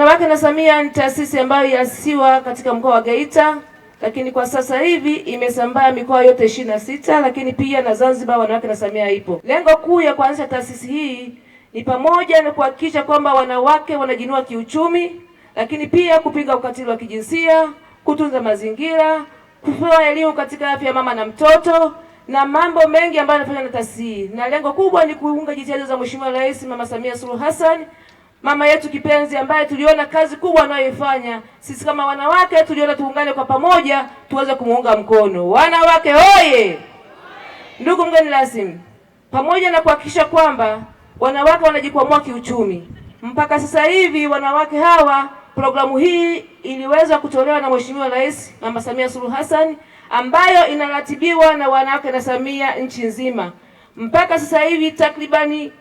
Wanawake na Samia ni taasisi ambayo iliasisiwa katika mkoa wa Geita, lakini kwa sasa hivi imesambaa mikoa yote ishirini na sita, lakini pia na Zanzibar Wanawake na Samia ipo. Lengo kuu ya kuanzisha taasisi hii ni pamoja na kuhakikisha kwamba wanawake wanajinua kiuchumi, lakini pia kupinga ukatili wa kijinsia, kutunza mazingira, kupewa elimu katika afya ya mama na mtoto na mambo mengi ambayo yanafanywa na taasisi hii, na lengo kubwa ni kuunga jitihada za Mheshimiwa Rais Mama Samia Suluhu Hassan mama yetu kipenzi ambaye tuliona kazi kubwa anayoifanya. Sisi kama wanawake tuliona tuungane kwa pamoja tuweze kumuunga mkono. Wanawake oye! Ndugu mgeni rasmi, pamoja na kuhakikisha kwamba wanawake wanajikwamua kiuchumi, mpaka sasa hivi wanawake hawa, programu hii iliweza kutolewa na Mheshimiwa Rais Mama Samia Suluhu Hassan, ambayo inaratibiwa na wanawake na Samia nchi nzima. Mpaka sasa hivi takribani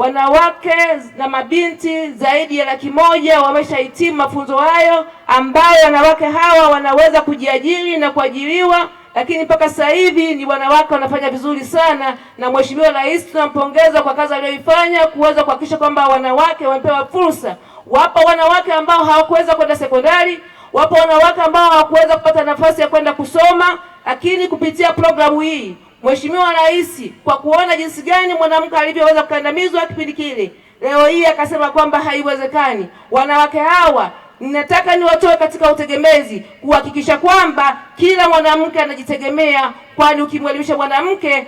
wanawake na mabinti zaidi ya laki moja wameshahitimu mafunzo hayo, ambayo wanawake hawa wanaweza kujiajiri na kuajiriwa, lakini mpaka sasa hivi ni wanawake wanafanya vizuri sana, na Mheshimiwa Rais tunampongeza kwa kazi aliyoifanya kuweza kuhakikisha kwamba wanawake wamepewa fursa. Wapo wanawake ambao hawakuweza kwenda sekondari, wapo wanawake ambao hawakuweza kupata nafasi ya kwenda kusoma, lakini kupitia programu hii Mheshimiwa Rais kwa kuona jinsi gani mwanamke alivyoweza kukandamizwa kipindi kile, leo hii akasema kwamba haiwezekani, wanawake hawa ninataka niwatoe katika utegemezi, kuhakikisha kwamba kila mwanamke anajitegemea, kwani ukimwelimisha mwanamke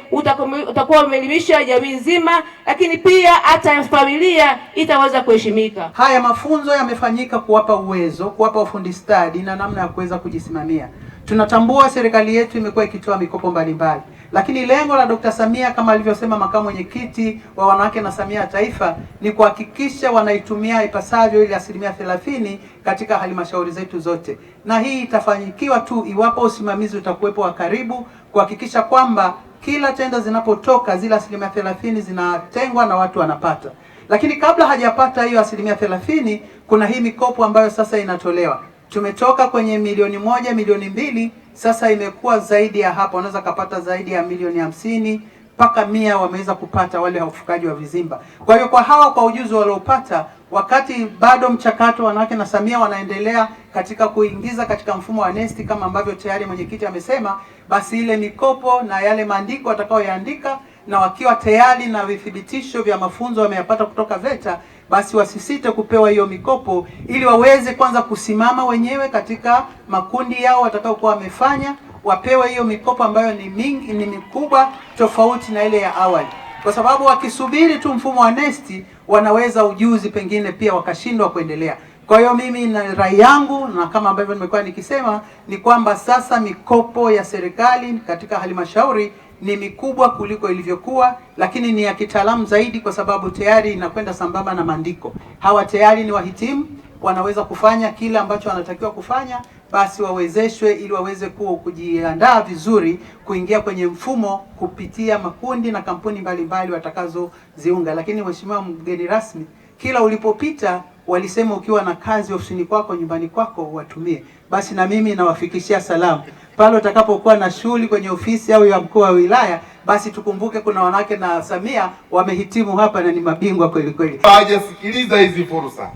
utakuwa umeelimisha jamii nzima, lakini pia hata familia itaweza kuheshimika. Haya mafunzo yamefanyika kuwapa uwezo, kuwapa ufundi stadi na namna ya kuweza kujisimamia. Tunatambua serikali yetu imekuwa ikitoa mikopo mbalimbali mbali. Lakini lengo la Dkt. Samia kama alivyosema makamu mwenyekiti wa wanawake na Samia Taifa ni kuhakikisha wanaitumia ipasavyo ile asilimia thelathini katika halmashauri zetu zote, na hii itafanyikiwa tu iwapo usimamizi utakuwepo wa karibu kuhakikisha kwamba kila tenda zinapotoka zile asilimia thelathini zinatengwa na watu wanapata. Lakini kabla hajapata hiyo asilimia thelathini, kuna hii mikopo ambayo sasa inatolewa. Tumetoka kwenye milioni moja, milioni mbili sasa imekuwa zaidi ya hapo, wanaweza kupata zaidi ya milioni hamsini mpaka mia wameweza kupata wale wafugaji wa vizimba. Kwa hiyo kwa hawa kwa ujuzi waliopata, wakati bado mchakato wanawake na Samia wanaendelea katika kuingiza katika mfumo wa nesti kama ambavyo tayari mwenyekiti amesema, basi ile mikopo na yale maandiko atakayoyaandika na wakiwa tayari na vithibitisho vya mafunzo wameyapata kutoka VETA, basi wasisite kupewa hiyo mikopo ili waweze kwanza kusimama wenyewe katika makundi yao watakaokuwa wamefanya, wapewe hiyo mikopo ambayo ni mingi, ni mikubwa tofauti na ile ya awali, kwa sababu wakisubiri tu mfumo wa nesti wanaweza ujuzi pengine pia wakashindwa kuendelea. Kwa hiyo mimi na rai yangu na kama ambavyo nimekuwa nikisema ni kwamba sasa mikopo ya serikali katika halmashauri ni mikubwa kuliko ilivyokuwa, lakini ni ya kitaalamu zaidi, kwa sababu tayari inakwenda sambamba na maandiko. Hawa tayari ni wahitimu, wanaweza kufanya kile ambacho wanatakiwa kufanya, basi wawezeshwe ili waweze kuwa kujiandaa vizuri kuingia kwenye mfumo kupitia makundi na kampuni mbalimbali watakazoziunga. Lakini mheshimiwa mgeni rasmi, kila ulipopita walisema ukiwa na kazi ofisini kwako, nyumbani kwako, watumie. Basi na mimi nawafikishia salamu pale utakapokuwa na shughuli kwenye ofisi au ya mkuu wa wilaya, basi tukumbuke kuna wanawake na Samia wamehitimu hapa na ni mabingwa kweli kweli. Hawajasikiliza hizi fursa,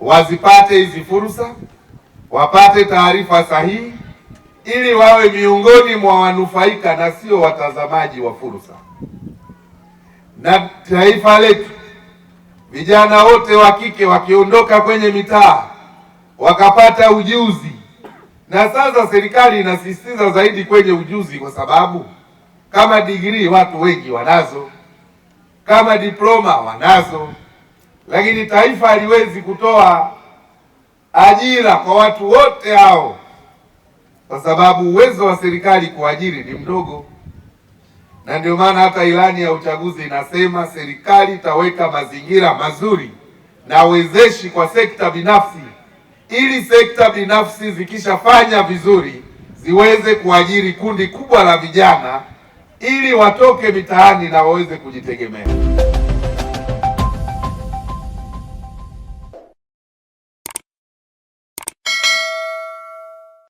wazipate hizi fursa, wapate taarifa sahihi ili wawe miongoni mwa wanufaika na sio watazamaji wa fursa, na taifa letu Vijana wote wa kike wakiondoka kwenye mitaa wakapata ujuzi, na sasa serikali inasisitiza zaidi kwenye ujuzi, kwa sababu kama digrii watu wengi wanazo, kama diploma wanazo, lakini taifa haliwezi kutoa ajira kwa watu wote hao, kwa sababu uwezo wa serikali kuajiri ni mdogo na ndio maana hata ilani ya uchaguzi inasema serikali itaweka mazingira mazuri na wezeshi kwa sekta binafsi, ili sekta binafsi zikishafanya vizuri ziweze kuajiri kundi kubwa la vijana ili watoke mitaani na waweze kujitegemea.